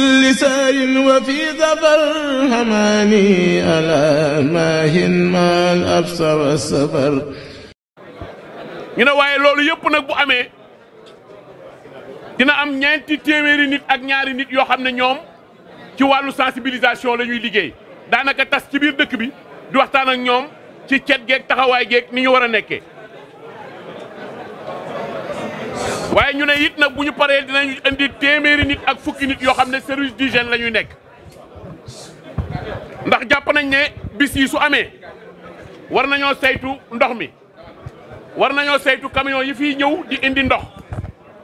kulli saarin wa fii ñu ne waaye loolu yëpp nag bu amee dina am ñeenti téeméeri nit ak ñaari nit yoo xam ne ñoom ci wàllu sensibilisation la ñuy liggéey daanaka tas ci biir dëkk bi di waxtaan ak ñoom ci cet geek taxawaay geeg ni ñu war a nekkee waaye ñu ne it nag bu ñu paree dinañu indi téeméeri nit ak fukki nit yoo xam ne service d'hygiène la ñuy nekk ndax jàpp nañ ne bis yi su amee war nañoo saytu ndox mi war nañoo saytu kamiyon yi fiy ñëw di indi ndox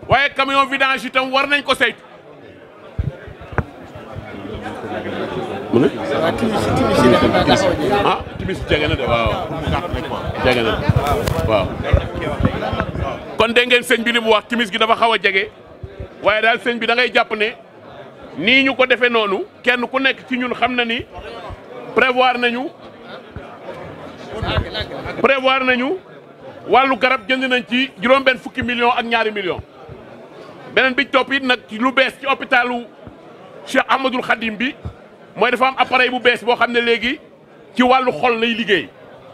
waaye camion vidange itam war nañ ko saytu. mu ne. ah timis jege na de waaw kon dégg ngeen sëñ bi li mu wax timis gi dafa xaw a jege waaye daal sëñ bi da ngay jàpp ne nii ñu ko defee noonu kenn ku nekk ci ñun xam na ni prévoir nañu prévoir nañu wàllu garab jënd nañ ci juróom-benn fukki million ak ñaari million beneen bi topp it nag lu bees ci hôpitalu Cheikh Ahmadul Khadim bi mooy dafa am appareil bu bees boo xam ne léegi ci wàllu xol lay liggéey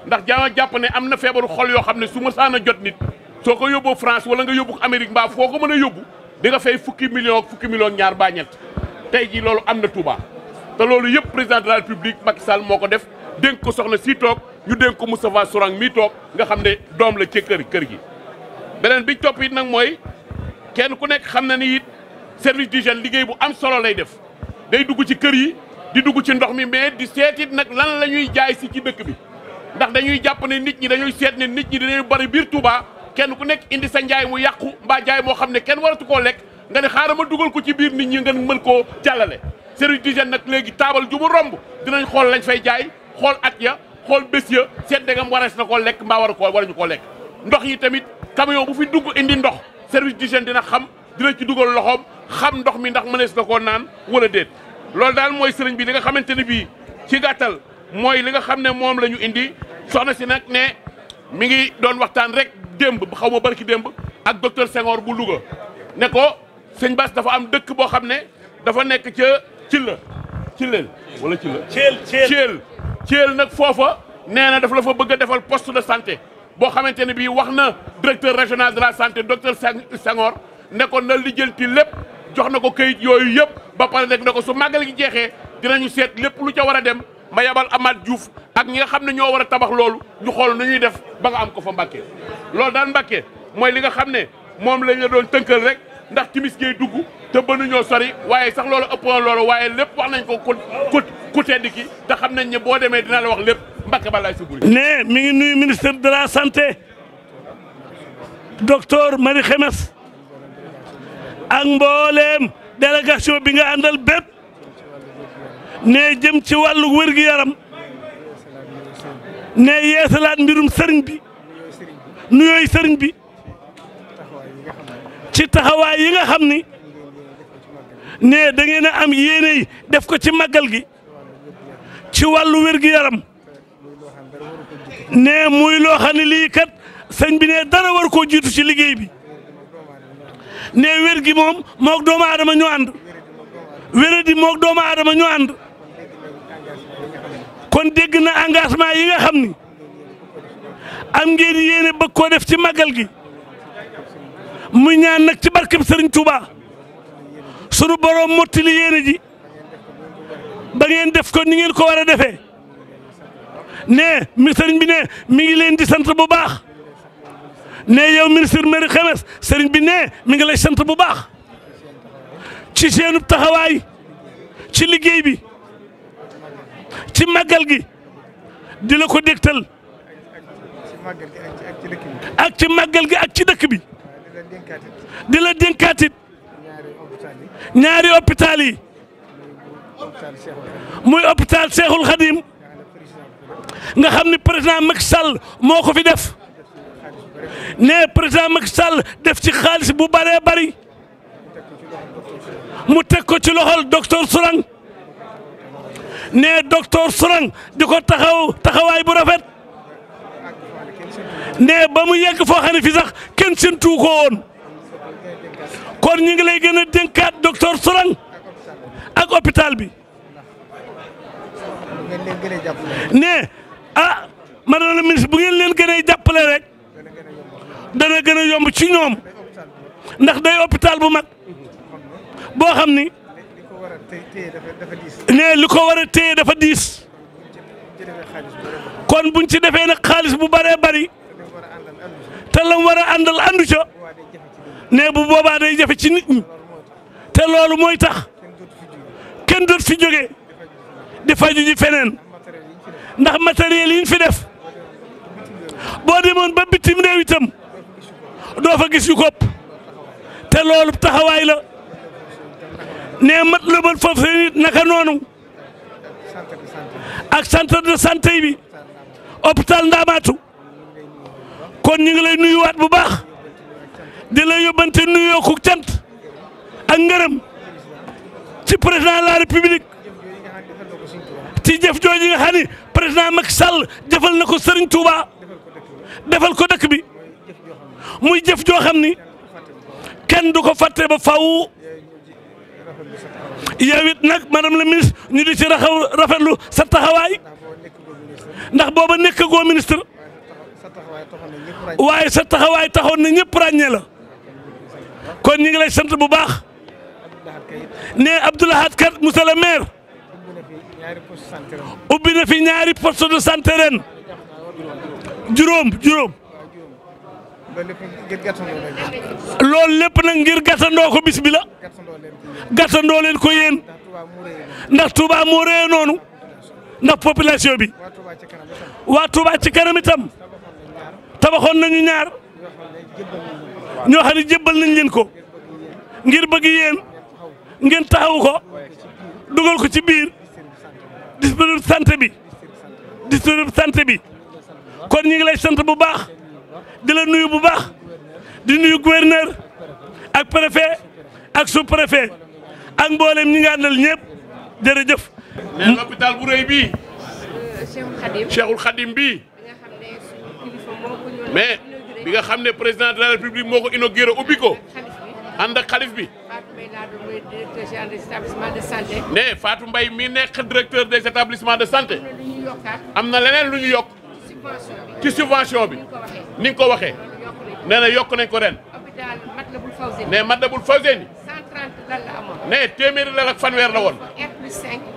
ndax jaama jàpp ne am na feebaru xol yoo xam ne su ma saan jot nit soo ko yóbboo France wala nga yóbbu Amérique mbaa foo ko mën a yóbbu di nga fay fukki million fukki million ñaar baa ñett tey jii loolu am na Touba te loolu yëpp président de la République Macky Sall moo ko def dénk ko soxna si toog ñu dénk ko Moustapha Sourang mii toog nga xam ne doom la ci kër kër gi beneen bi topp nag mooy kenn ku nekk xam na ni it service d'hygiène liggéey bu am solo lay def day dugg ci kër yi di dugg ci ndox mi mais di seetit nag lan la ñuy jaay si ci dëkk bi ndax dañuy jàpp ne nit ñi dañuy seet ne nit ñi dañuy bari biir kenn ku nekk indi sa njaay mu yàqu mbaa jaay moo xam ne kenn waratu koo lekk nga ne xaaral ma dugal ko ci biir nit ñi nga mën koo jàllale. service d'hygiène nag léegi taabal ju mu romb dinañ xool lañ fay jaay xool at ya xool bés ya seet ndegam warees na koo lekk mbaa war koo warañu ko lekk. ndox yi tamit camion bu fi dugg indi ndox service d'hygiène dina xam dina ci dugal loxoom xam ndox mi ndax mënees na koo naan wala déet. loolu daal mooy sëriñ bi li nga xamante ne bii ci gàttal mooy li nga xam ne moom la ñu indi soxna si nag ne. mi ngi doon waxtaan rek démb xaw ma barki démb ak docteur Senghor bu Louga ne ko sëñ Bass dafa am dëkk boo xam ne dafa nekk ca Cilla Cilleel wala Cilla. Thiel Thiel Thiel nag foofa nee na dafa la fa bëgg a defal poste de santé boo xamante ne bii wax na directeur régional de la santé docteur Senghor ne ko na lijjanti lépp jox na ko kayit yooyu yëpp ba pare rek na ko su màggal gi jeexee dinañu seet lépp lu ca war a dem. ma yabal Amath Diouf ak ñi nga xam ne ñoo war a tabax loolu ñu xool na ñuy def ba nga am ko fa Mbàkke loolu daal Mbàkke mooy li nga xam ne moom lañ la doon tënkal rek ndax timis gee dugg te bënuñoo sori waaye sax loolu ëpp na loolu waaye lépp wax nañ ko ku ku tedd ki te xam nañ ne boo demee dina la wax lépp Mbàkke ba sa buri ne mi ngi nuyu ministre de la santé docteur Marie Xemes ak mbooleem délégation bi nga àndal bépp nee jëm ci wàllu wér yaram nee yeesalaat mbirum sëriñ bi nuyooy sëriñ bi ci taxawaay yi nga xam ni nee da a am yéene def ko ci màggal gi ci wàllu wér yaram nee muy loo xam kat sëñ bi nee dara war koo jiitu ci liggéey bi nee wér gi moom moog doomu aadama ñu ànd wéradi doomu aadama ñu ànd kon dégg na engagement yi nga xam ni am ngeen yéene bëgg koo def ci màggal gi mu ñaan nag ci barkeb Sëriñ Tuuba sunu boroom mottali yéene ji ba ngeen def ko ni ngeen ko war a defee ne mi sëriñ bi ne mi ngi leen di sant bu baax ne yow ministre Marie Khemesse sëriñ bi ne mi ngi lay sant bu baax ci seenub taxawaay ci liggéey bi ci màggal gi di ko dégtal ak ci màggal gi ak ci dëkk bi di la dénkaatit ñaari hôpital yi muy hôpital Cheikhul Khadim nga xam ni président Macky Sall moo ko fi def ne président Macky Sall def ci xaalis bu bëree bari mu teg ko ci loxol docteur Sourang nee docteur Sourang di ko taxaw taxawaay bu rafet nee ba mu yegg foo xam ne sax kenn séntu ko woon kon ñu ngi lay gën a dénkaat docteur Sourang ak hôpital bi nee a ah, madame la ministre bu ngeen leen gën a jàppale rek dana gën a yomb ci ñoom ndax day hôpital bu mag boo xam ni. ne li ko war a téye dafa diis kon buñ ci defee nag xaalis bu bëree bari te lam war a àndal àndu ca ne bu boobaa jafe ci nit te loolu mooy tax kenn doot fi jógee di faju feneen ndax matériel yi ñu fi def boo demoon ba bitim réew itam doo fa gis yu kopp te loolu taxawaay la nee mat lëbal foofu nit naka noonu ak centre de santé bi hôpital Ndamatou kon ñu ngi lay nuyuwaat bu baax di la yóbbante nuyoo ku cant ak ngërëm ci président la république ci jëf jooju nga xam ni président Macky Sall jëfal na ko Serigne Touba defal ko dëkk bi muy jëf joo xam ni kenn du ko fàtte ba faw yow it nag madame la ministre ñu di ci raxaw rafetlu ndax booba nekk goo ministre waaye sa taxawaay na ñëpp ràññee la kon ñu ngi lay sant bu baax ne Abdoulahad kat monsieur le maire ubbi na fi ñaari poste de santé ren juróom juróom loolu lépp nag ngir gàttandoo ko bis bi leen ko yéen ndax Touba moo rëy noonu ndax population bi waa Touba ci kanam itam tabaxoon nañu ñaar ñoo xam ne jébbal nañ leen ko ngir bëgg yéen ngeen taxawu ko dugal ko ci biir district santé bi district santé bi kon ñu ngi lay sant bu baax. di la nuyu bu baax di nuyu gouverneur ak préfet ak su préfet ak mboolem ñi nga àndal ñëpp jërëjëf. mais l'hôpital bu rëy bi euh, Cheikhul Khadim Cheikhul mais bi nga xam ne président de la république moo ko inauguré ubbi ko. ànd ak xalif bi. ne faatu mbay mi nekk directeur des établissements de santé. am na leneen lu ñu yokk. ci subvention bi ni ko waxee nee na yokk nañ ko ren ne Matlaboul Fawzeyni ne téeméeri lal ak fanweer la woon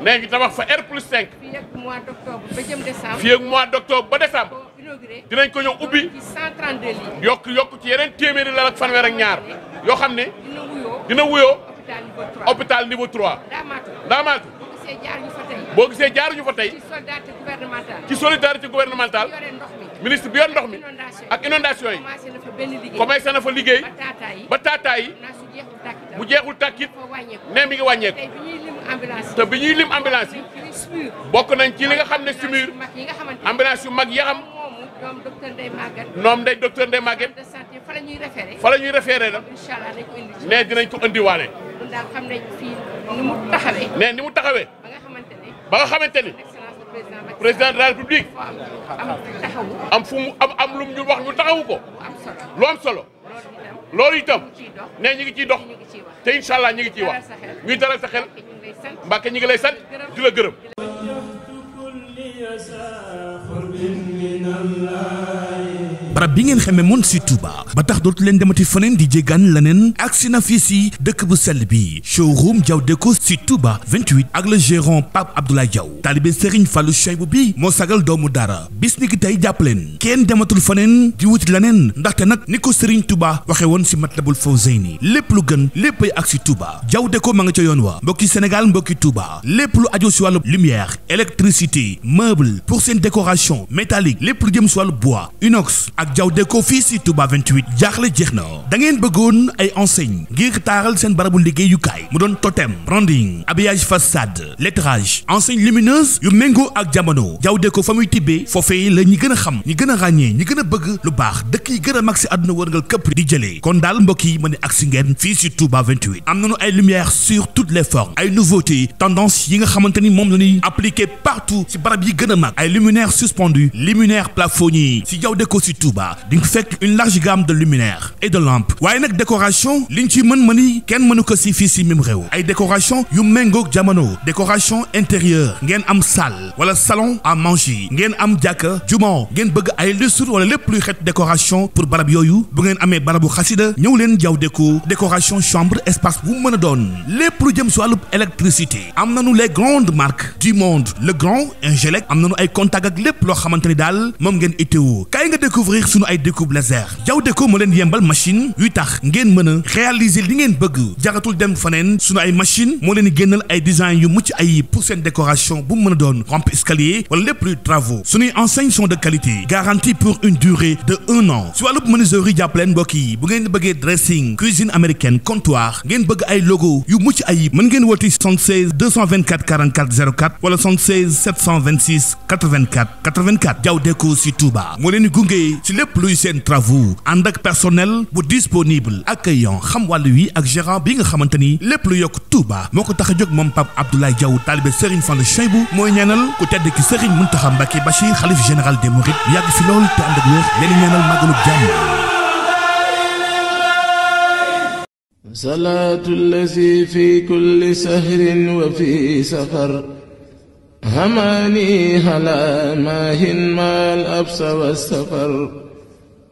nee ñu tabax fa R plus 5 fii ak mois d' octobre ba décembre dinañ ko ñëw ubbi yokk yokk ci yeneen téeméeri lal ak ñaar yoo xam ne dina wuyoo hôpital niveau 3 ndaamaatu boo gisee jaaruñu fa tey. ci solidarité gouvernementale. ci solidarité ministre bi yor ndox mi. ak inondation yi. commencé sa fa liggéey. ba taataay yi. mu jeexul tàkkit ne mi ngi wàññeeku. te bi ñuy lim ambulance yi. bokk nañ ci li nga xam ne SMUR. ambulance yu mag yi xam. ñoom docteur Ndeye Maguette. ñoom day docteur Ndeye ñuy référé. fa la ñuy référé nag. ne dinañ ko indiwaale. ni mu taxawee. nee ni mu taxawee. ba nga xamante ba nga xamante ni. président de la république. am fu am am lu ñu wax ñu taxawu ko. lu am solo. loolu itam. nee ñu ngi ciy dox. te incha allah ñu ngi ciy wax. ñuy dalal sa xel. Mbàkke ñu ngi lay sant di la gërëm. barab bi ngeen xamee moon si Touba ba tax dootu leen demati feneen di jéggaan leneen agsi na fii si dëkk bu sell bi showroom Diaw ko si Touba 28 ak le gérant Pape Abdoulaye Diaw taalibe Serigne Fallou Cheibou bi moo sagal doomu dara bis ni ki tey jàppaleen kenn dematul feneen di wuti leneen ndaxte nag ni ko Serigne Touba waxee woon si Matlabul Fawzayni lépp lu gën léppay ak si Touba Diaw ko ma nga ca yoon wa mbokki Sénégal mbokki Touba lépp lu ajo si wàllu lumière électricité meuble pour seen décoration métallique lépp lu jëm si wàllu bois jaaxle jeex na da ngeen bëggoon ay enseigne ngir taaral seen barabu liggéeyukaay mu doon totem branding habillage façade lettrage enseigne lumineuse yu méngoo ak jamono Jaw fa muy tibbee foofee la ñi gën a xam ñi gën a ràññee ñi gën a bëgg lu baax dëkk yi gën a mag si àdduna wërngal këpp di jëlee kon daal mbokk yi ma ne agsi ngeen fii si Touba 28 am nañu ay lumière sur toutes les formes ay nouveautés tendance yi nga xamante ni moom la ñuy appliqué partout si a Touba di nga fekk une large gamme de luminaires et de lampes waaye nag décoration liñ ci mën mën yi kenn mënu ko fii si mim réew ay décoration yu méngoog jamono décoration intérieure ngeen am salle wala salon à manger ngeen am jàkka jumaa ngeen bëgg ay lustre wala lépp luy xeet décoration pour barab yooyu bu ngeen amee barabu xasida ñëw leen jaw déco décoration chambre espace bu mën a doon lépp lu jëm si wàllu électricité am na nañu les grandes marques du monde le grand Ingelec am nañu ay contact lépp loo xamante ni daal moom ngeen itteewu sunu ay découpe laser jaw déco moo leen yembal machine yuy tax ngeen mën a réaliser li ngeen bëgg jaratul dem faneen sunu ay machine moo leen génnal ay design yu mucc ay pour seen décoration bu mu mën doon rampe escalier wala lépp luy travaux sunuy enseignes sont de qualité garantie pour une durée de un an si wàllub menuiserie jàppaleen mbokk bu ngeen bëggee dressing cuisine américaine comptoir ngeen bëgg ay logo yu mucc ayib mën ngeen woti lépp luy seen travaux ànd ak personnel bu disponible accueillant xam wàllu wi ak gérant bi nga xamante ni lépp lu yokk Touba moo ko tax a jóg moom Pape Abdoulaye Diaw taalibe Serigne Fallou Cheibou mooy ñaanal ku tedd Bachir xalif général des Mourides yàgg fi lool te ànd ak wér leen ñaanal màggalub jàmm fi kulli sahrin wa fi safar hamaani ala maahin maal absa wa safar